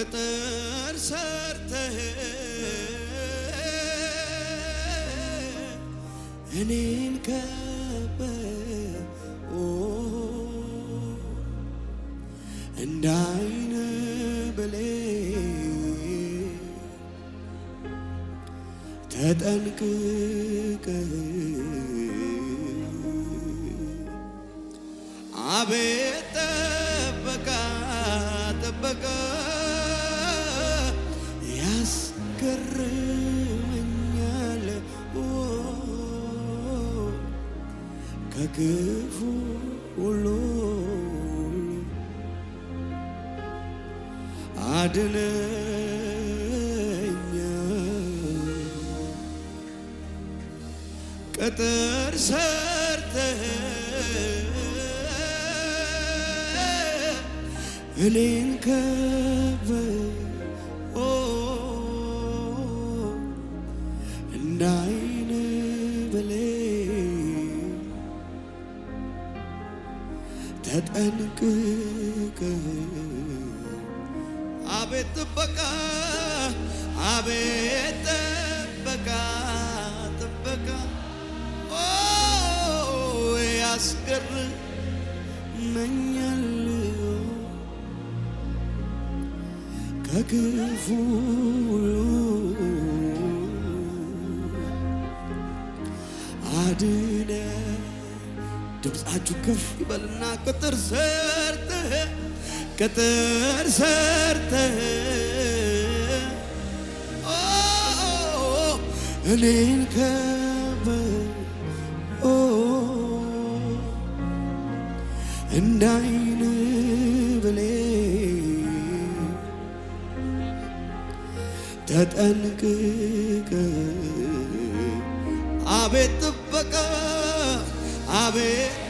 ቅጥር ሰርተህ እኔን ከበ እንዳይነ ብሌ ተጠንቅቅ አቤ devo olóòrùn አድነኛ ቅጥር ሰርተህ እኔን ከበ እንዳይ ጠንቅቅ አቤት ጥበቃ አቤት ጥበቃ ጥበቃ ያስገርመኛል ከክፉ ድምፃችሁ ከፍ ይበልና ቅጥር ሰርተህ ቅጥር ሰርተህ እኔን ከበ እንዳይን ብሌ ተጠንቅቀ አቤት ጥበቃ አቤት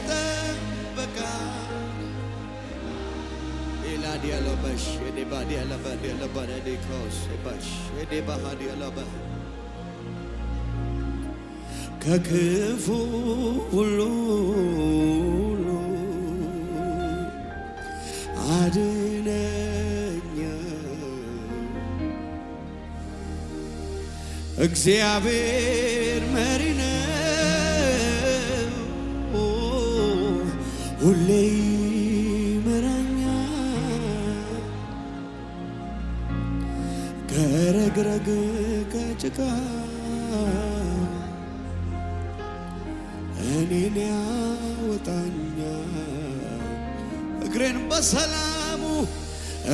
ባሽ የኔ ከክፉ ሁሉ አድነኛ እግዚአብሔር መሪ ነው ሁሌ ከረግረግ ከጭቃ እኔን ያወጣኛል እግሬን በሰላሙ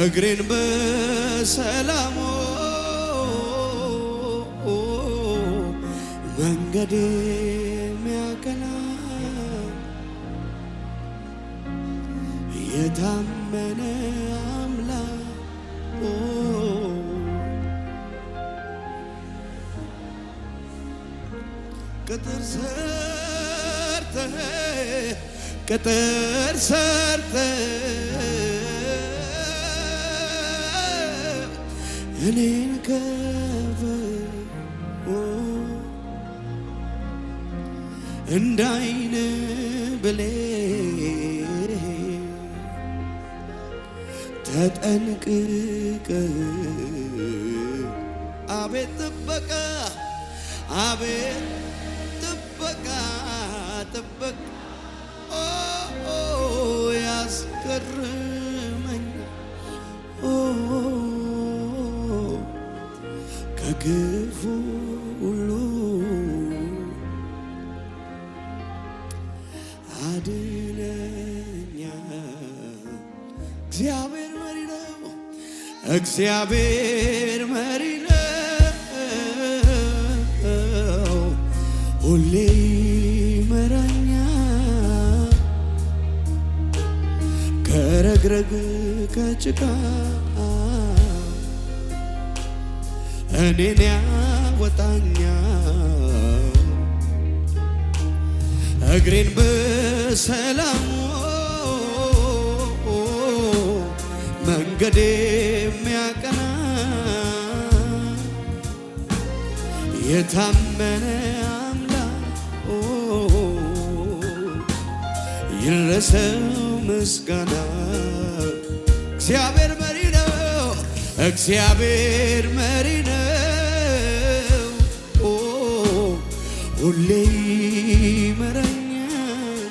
እግሬን በሰላሙ መንገድ የሚያቀና የታመነ ቅጥር ሰርተ ቅጥር ሰርተ እኔን ከበ እንዳይን ብሌ ተጠንቅቅ አቤት ጥበቃ አቤት መጠበቅ ያስገርመኝ ከግፉ ሁሉ አድነኛ እግዚአብሔር መሪ ነው። እግዚአብሔር መሪ ነው ሲደረግ ከጭቃ እኔን ያወጣኛ እግሬን በሰላሙ መንገዴ የሚያቀና የታመነ ይድረሰው ምስጋና እግዚአብሔር መሪ ነው፣ እግዚአብሔር መሪ ነው። ሁሌ ይመራኛል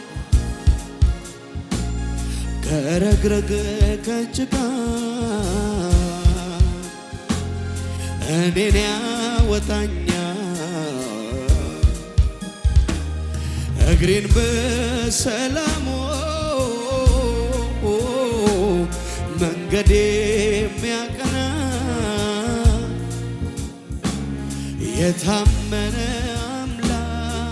ከረግረግ ከጭቃ እኔን ያወጣኛል እግሬን በሰላም መንገዴ የሚያቀና የታመነ አምላክ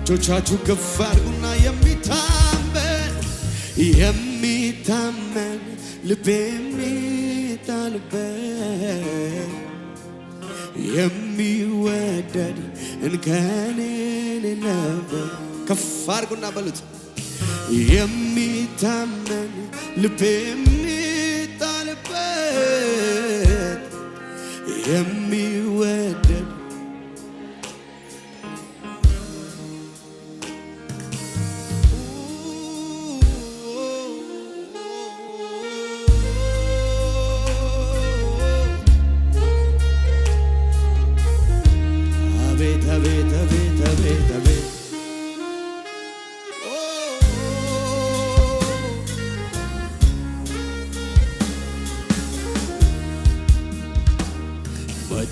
እጆቻችሁ ከፍ አድርጉና የሚታመን የሚታመን ልቤ የሚጣልበት የሚወደድ እንከን የሌለበት ከፍ አድርጉና በሉት የሚታመን ልቤ የሚጣልበት የሚወደድ አቤት አቤት አቤት አቤት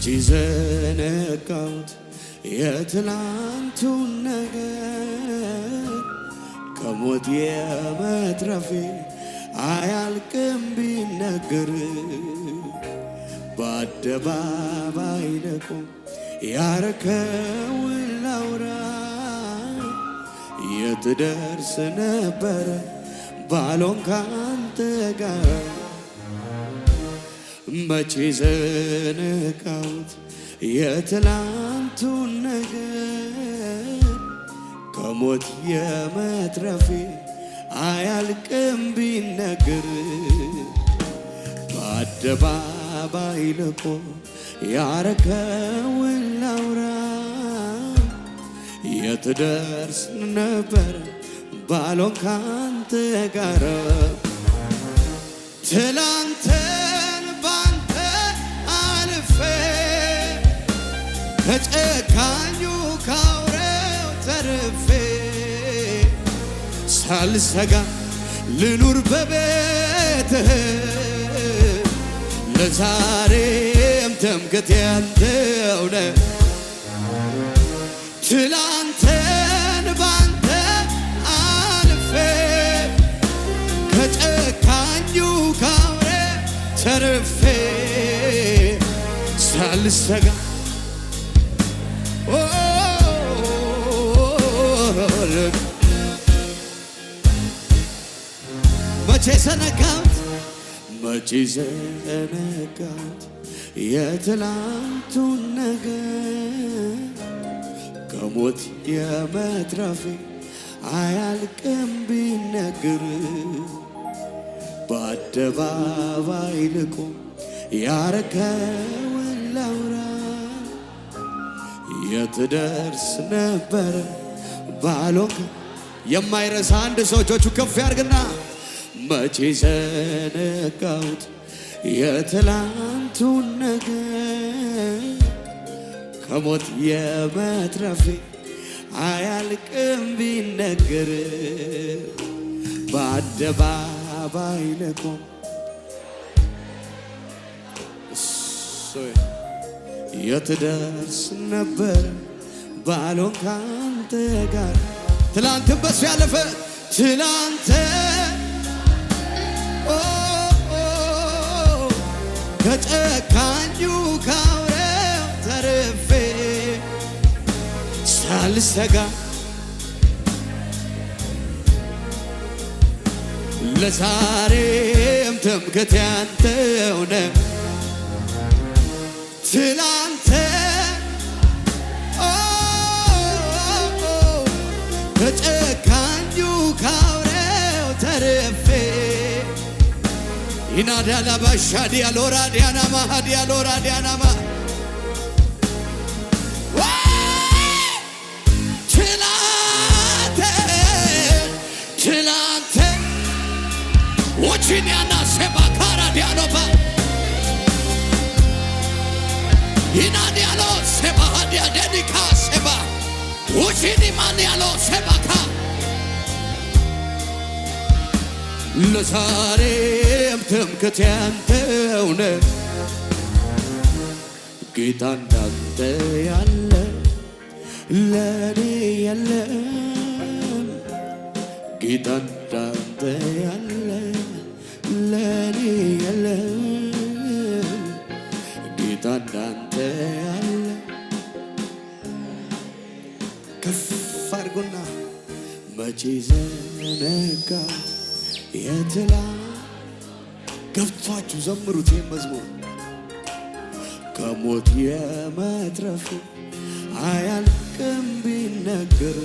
አንቺ ዘነጋሁት የትናንቱን ነገር ከሞት የመትረፌ አያልቅም ቢነገር በአደባባይ ለቆም ያረከውን ላውራ የትደርስ ነበረ ባሎን ካንተ ጋር መቼ ዘነጋሁት የትላንቱን ነገር ከሞት የመትረፌ አያልቅም ቢነገር በአደባባይ ልቆ ያረከውን ላውራ የትደርስ ነበር ባሎን ካንተ ጋር ትላንተ ከጨካኙ ካውሬው ተርፌ ሳልሰጋ ልኑር በቤትህ ለዛሬም ትምክህት ያንተው ነው። ትላንትን ባንተ አልፌ ከጨካኙ ተርፌ ሳልሰጋ መቼ ዘነጋት መቼ ዘነጋት የትላንቱን ነገር ከሞት የመትረፌ አያልቅም ቢነግር በአደባባይ ልቆ ያረከ የትደርስ ነበረ ባሎክ የማይረሳ አንድ ሰው እጆቹ ከፍ ያርግና መቼ ዘነጋሁት የትላንቱን ነገር ከሞት የመትረፌ አያልቅም ቢነገር በአደባባይ ለቆም የትደርስ ነበር ባሎን ካንተ ጋር ትላንትን በሱ ያለፈ ትላንተ ከጨካኙ ካውሬው ተርፌ ሳልሰጋ ለዛሬም ትምክህቴ ያንተው ነው ስላንተ ከጨካኙ ካውሬው ተርፌ ይናዳላባሻ ዲያሎራ ዲያናማሃ ዲያሎራ ዲያናማ ችላንተ ችላንተ ወቺንያና ሴባካራ ይናን ያለው ሴባ ሃዲያ ደኒካ ሴባ ውሺኒ ማን ያለው ሴባካ ለዛሬም ትምክህቴ ያንተው ጌታ እንዳንተ ያለ ለኔ የለም ጌታ እንዳንተ ያለ ለኔ የለም ጌታ እንዳንተ አንተ ያለ ከፍ አድርጎና መቼ ዘነጋ የትላ ገብቷችሁ ዘምሩት መዝሙር ከሞት የመትረፍ አያልቅም ቢነገር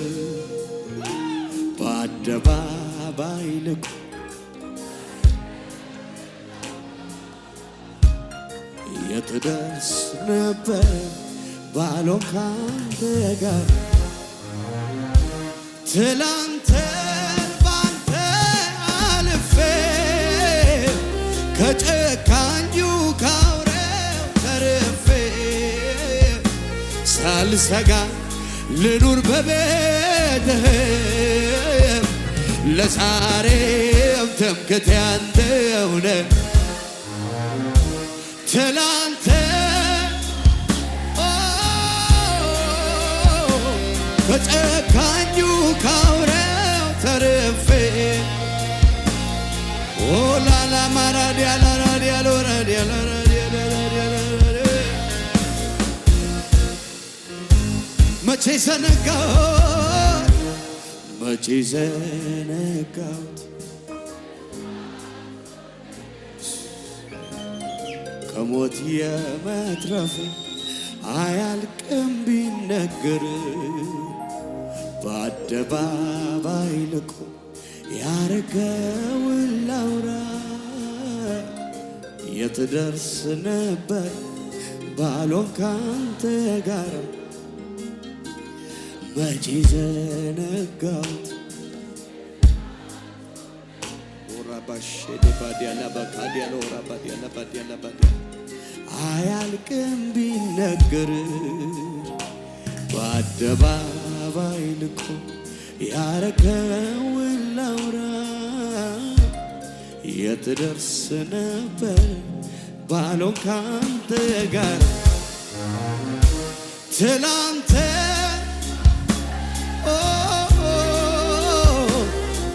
በአደባባይ ልቁ እትደርስ ነበር ባሎን ካንተ ጋር ትላንትን ባንተ አልፌ ከጨካኙ ካውሬው ተርፌ ሳልሰጋ ልኑር በቤትህ ለዛሬም ትምክህቴ አንተ ሆነ ካውሬው ተርፌ መቼ ዘነጋሁት መቼ ዘነጋሁት ከሞት የመትረፍ አያልቅም ቢነገር በአደባባይ ልቆ ያረገውን ላውራ የትደርስ ነበር ባሎን ካንተ ጋር መቼ ዘነጋሁት አያልቅም ቢነገር በአደባ አደባባይ ልኮ ያረገውን ላውራ የትደርስ ነበር ባሎ ካንተ ጋር ትላንተ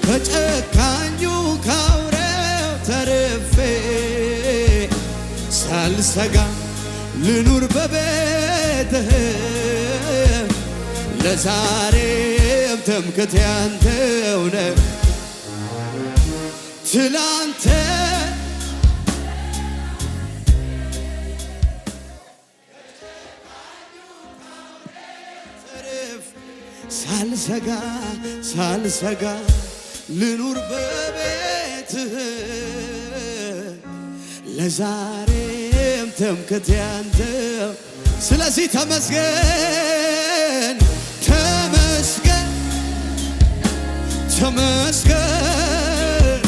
ከጨካኙ ካውሬው ተርፌ ሳልሰጋ ልኑር በበ ዛሬም ትምክት ያንተው ነው ትላንተ ሳልሰጋ ሳልሰጋ ልኑር በቤትህ ለዛሬም ትምክት ያንተው ስለዚህ ተመስገን ተመስገን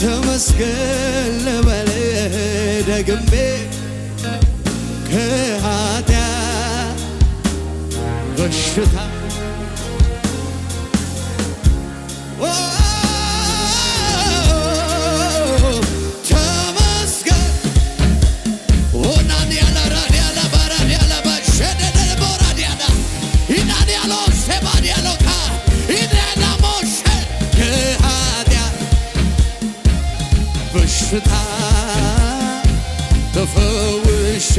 ተመስገን ልበል ደግሜ ከኃጢአት በሽታ በሽታ ተፈውሼ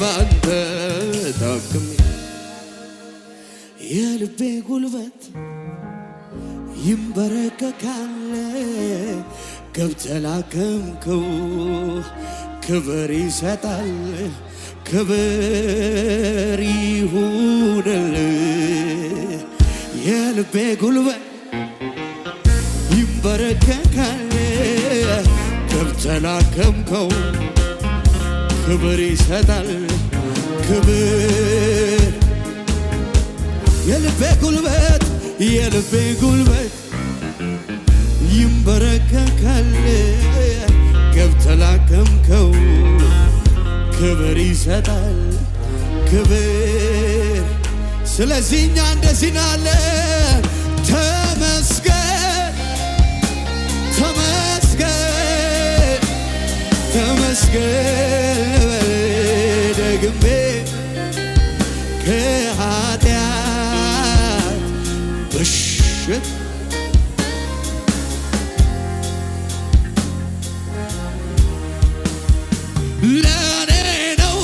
ባንተ ታክሜ የልቤ ጉልበት ይንበረከካል ገብተህ ክብር ይሰጣል ክብር ይሁንል የልቤ ጉልበት ይንበረከካል ከተላከምከው ክብር ይሰጣል ክብር የልቤ ጉልበት የልቤ ጉልበት ይንበረከካል ከተላከምከው ክብር ይሰጣል ክብር ስለዚህ እኛ እንደዚህ ናለን ተመስገን ደግሜ ከኃጢአት ብሽት ለኔ ነው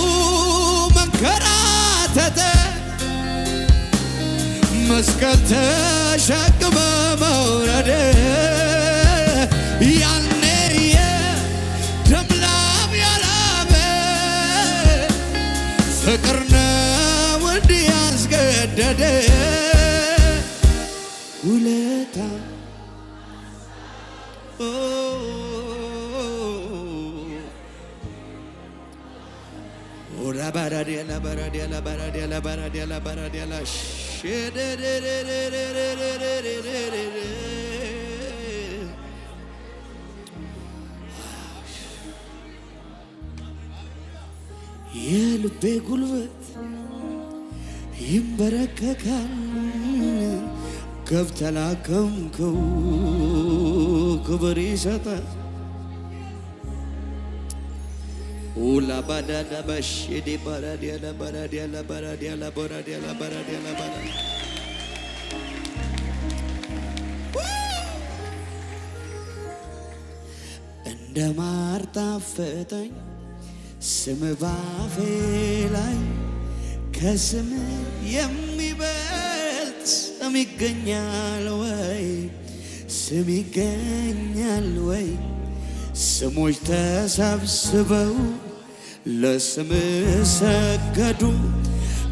መንከራተተ መስቀል ተሸክመ መውረደ የልቤ ጉልበት ይንበረከካል ገብተላከምከው ክብር ይሰጣል ላባዳዳባሼዴ ባራዲያላ ባራዲያላ ባራዲያላ ባራዲያላ ባራዲያላ ባራ እንደ ማር ጣፈጠኝ ስም ባፌ ላይ ከስም የሚበልጥ ስም ይገኛል ወይ? ስም ይገኛል ወይ? ስሞች ተሰብስበው ለስም ሰገዱ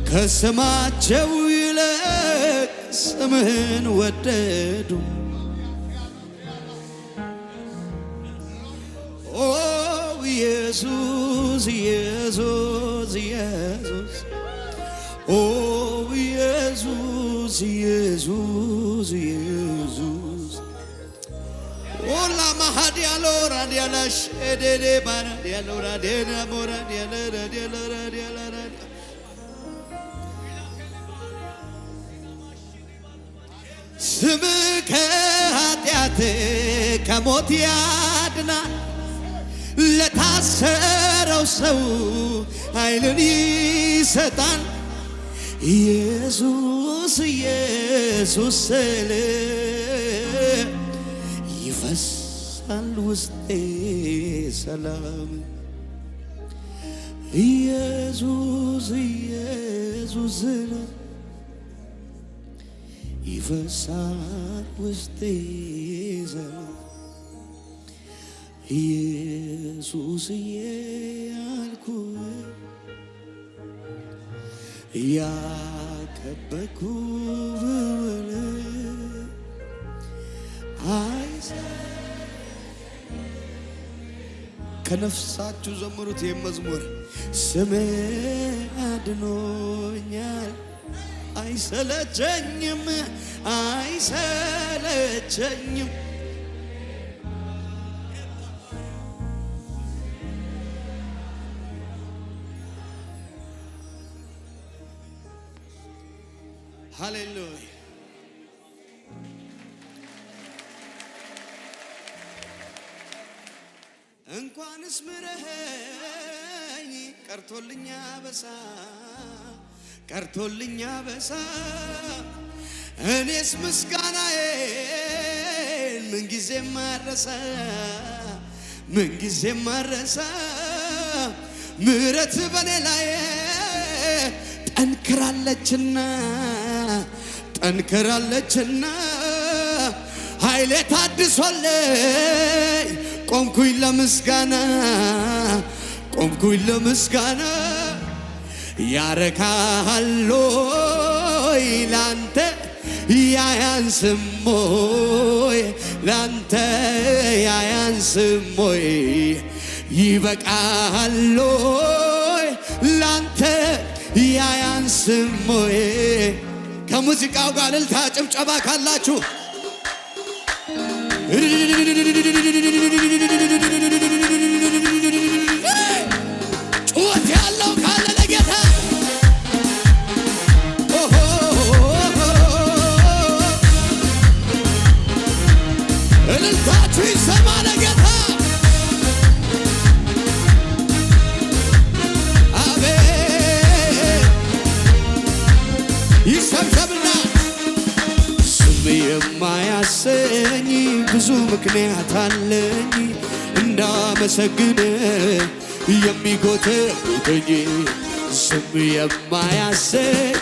ከስማቸው ይልቅ ስምህን ወደዱ። ኦ ኢየሱስ ኢየሱስ ኢየሱስ ኦ ኢየሱስ ኢየሱስ ማሃዲያሎ ራዲያላሽ ኤዴዴ ባራዲያሎ ራዲያና ቦራዲያለ ራዲያለ ስም ከኃጢአት ከሞት ያድናል፣ ለታሰረው ሰው ኃይልን ይሰጣል። ኢየሱስ ኢየሱስ ስል ይፈስ ይመጣል ውስጤ ሰላም ኢየሱስ ኢየሱስ ይፈሳል ውስጤ ሰላም ኢየሱስዬ ያልኩ ያከበኩ ብወለ አይሰ ከነፍሳችሁ ዘምሩት። መዝሙር ስሜ አድኖኛል፣ አይሰለቸኝም አይሰለቸኝም አበሳ ቀርቶልኝ አበሳ እኔስ ምስጋናዬ ምንጊዜ ማረሳ ምንጊዜ ማረሳ ምሕረት በኔ ላይ ጠንክራለችና ጠንክራለችና ኃይሌ ታድሶልኝ ቆምኩኝ ለምስጋና ቆምኩኝ ለምስጋና ያረካሃሎይ ላንተ ያያንስሞይ ላንተ ያያንስሞይ ይበቃሃሎይ ላንተ ያያንስሞይ ከሙዚቃው ጋር እልልታ ጭብጨባ ካላችሁ ምክንያት አለኝ እንዳመሰግን የሚጎተጉተኝ ዝም የማያሰኝ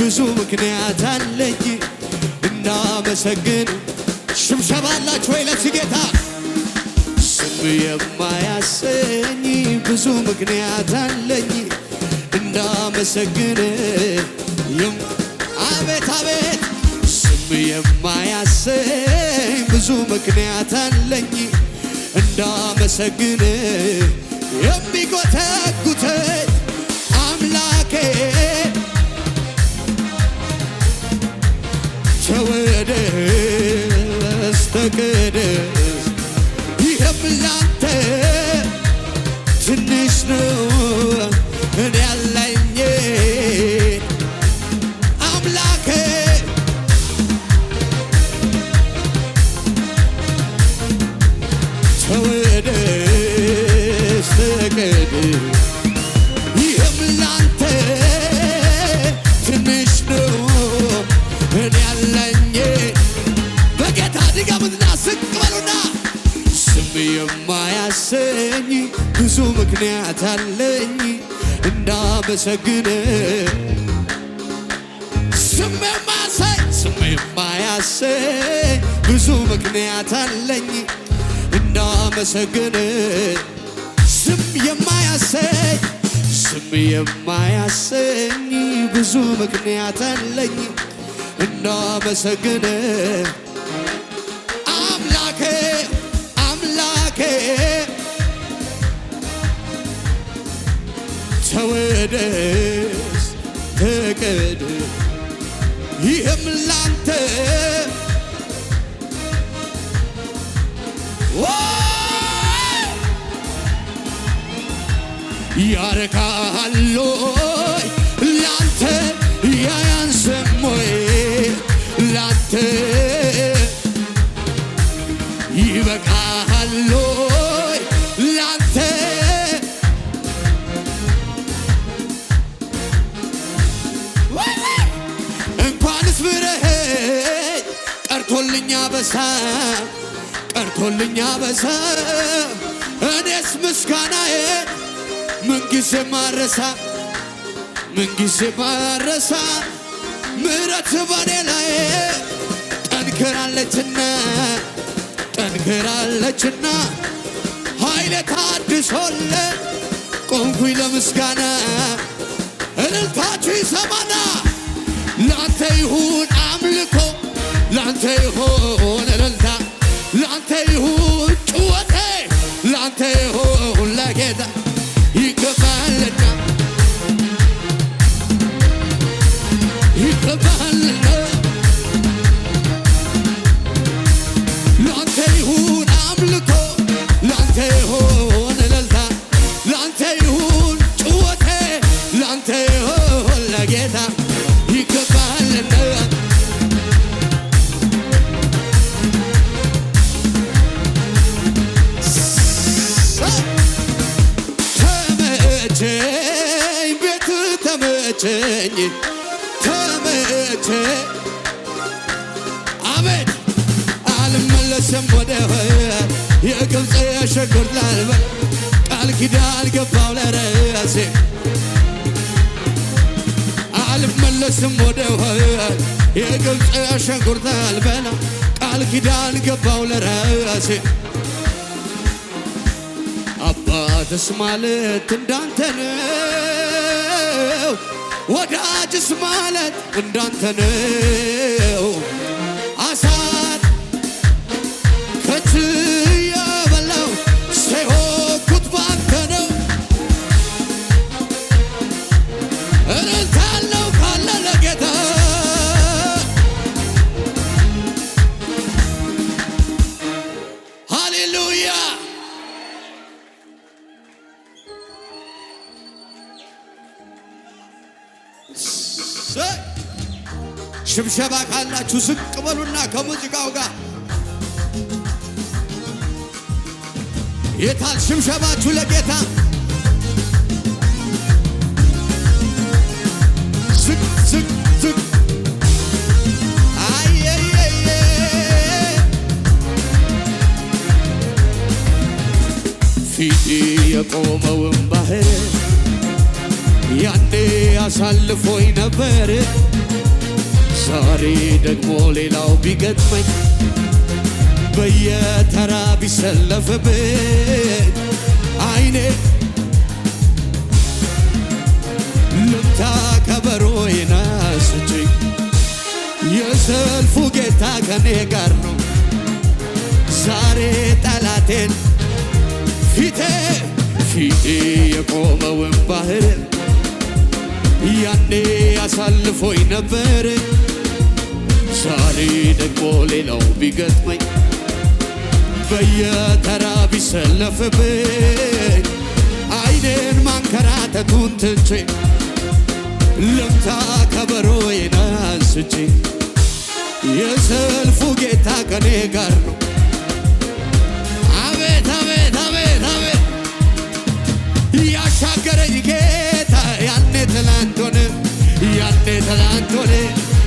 ብዙ ምክንያት አለኝ እንዳመሰግን ሽብሸባ አላችሁ ወይ ለጌታ ዝም የማያሰኝ ብዙ ምክንያት አለኝ እንዳመሰግን አቤት አቤት ዝም የማያሰኝ ብዙ ምክንያት አለኝ እንዳመሰግን ምክንያት አለኝ እንዳመሰግን ስም የማያሰኝ ስም የማያሰኝ ብዙ ምክንያት አለኝ እንዳመሰግን አምላኬ አምላኬ ተወደስ ተቀድ ይህም ላንተ ያረካሉ ላንተ ያያንስም ወይ ላንተ ይበቃሉ ላንተ እንኳንስ ብርህ ቀርቶልኛ በሳ ቀርቶልኛ በሰ እኔስ ምስጋናዬ ምንጊዜ ማረሳ ምንጊዜ ማረሳ ምረት በኔ ላይ ጠንክራለችና ጠንክራለችና ኃይሌ ታድሶለ ቆምኩኝ ለምስጋና እልልታችሁ ይሰማና ላንተ ይሁን አምልኮ ላንተ ይሁን እልልታ ላንተ ይሁን ጭወቴ ላንተ ይሁን ለጌታ ወደ የግብፅ የሸጉር ላልበ ቃል ኪዳን ገባው ለራሴ አልመለስም ወደ የግብፅ የሸጉር ላልበላ ቃል ኪዳን ገባው ለራሴ አባትስ ማለት እንዳንተ ነው፣ ወዳጅስ ማለት እንዳንተ ነው ካላችሁ ዝቅ በሉና ከሙዚቃው ጋር የታል ሽምሸባችሁ ለጌታ ዝቅ አየየየ ፊት የቆመውን ባህር ያንዴ አሳልፎኝ ነበር ዛሬ ደግሞ ሌላው ቢገጥመኝ በየተራ ቢሰለፍብኝ አይኔ ልምታ ከበሮዬን አንስቼ የሰልፉ ጌታ ከኔ ጋር ነው ዛሬ ጠላቴን ፊቴ ፊቴ የቆመውን ባህርን ያኔ አሳልፎኝ ነበር ዛሬ ደግሞ ሌላው ቢገጥመኝ በየተራ ቢሰለፍብኝ አይኔን ማንከራተቱን ትቼ ልምታ ከበሮዬን አንስቼ የሰልፉ ጌታ ከኔ ጋር ነው። አቤት አቤት አቤት አቤት ያሻገረኝ ጌታ ያኔ ትላንት ሆነ ያኔ ትላንት ሆነ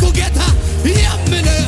የመድኃኒቱ ጌታ የምለው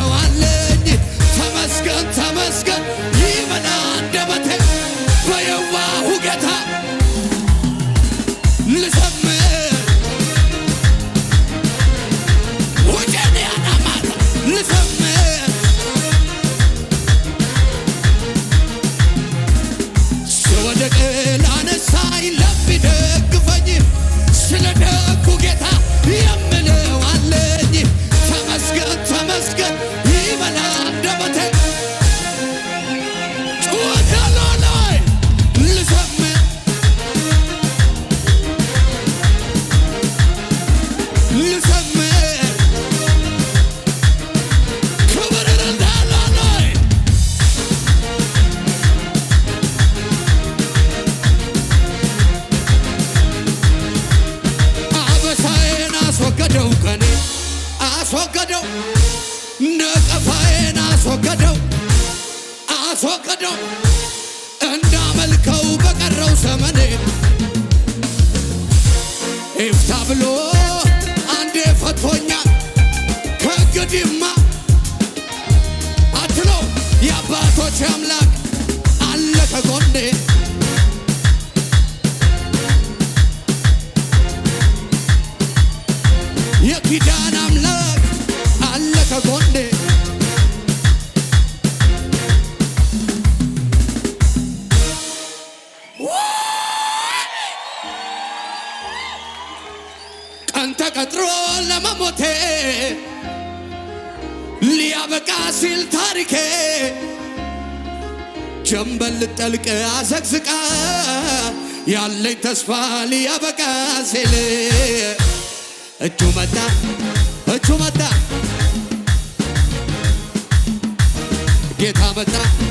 ጀንበል ልጠልቅ አዘግዝቃ ያለኝ ተስፋ ሊያበቃ ሲል እጁ መጣ እጁ መጣ ጌታ መጣ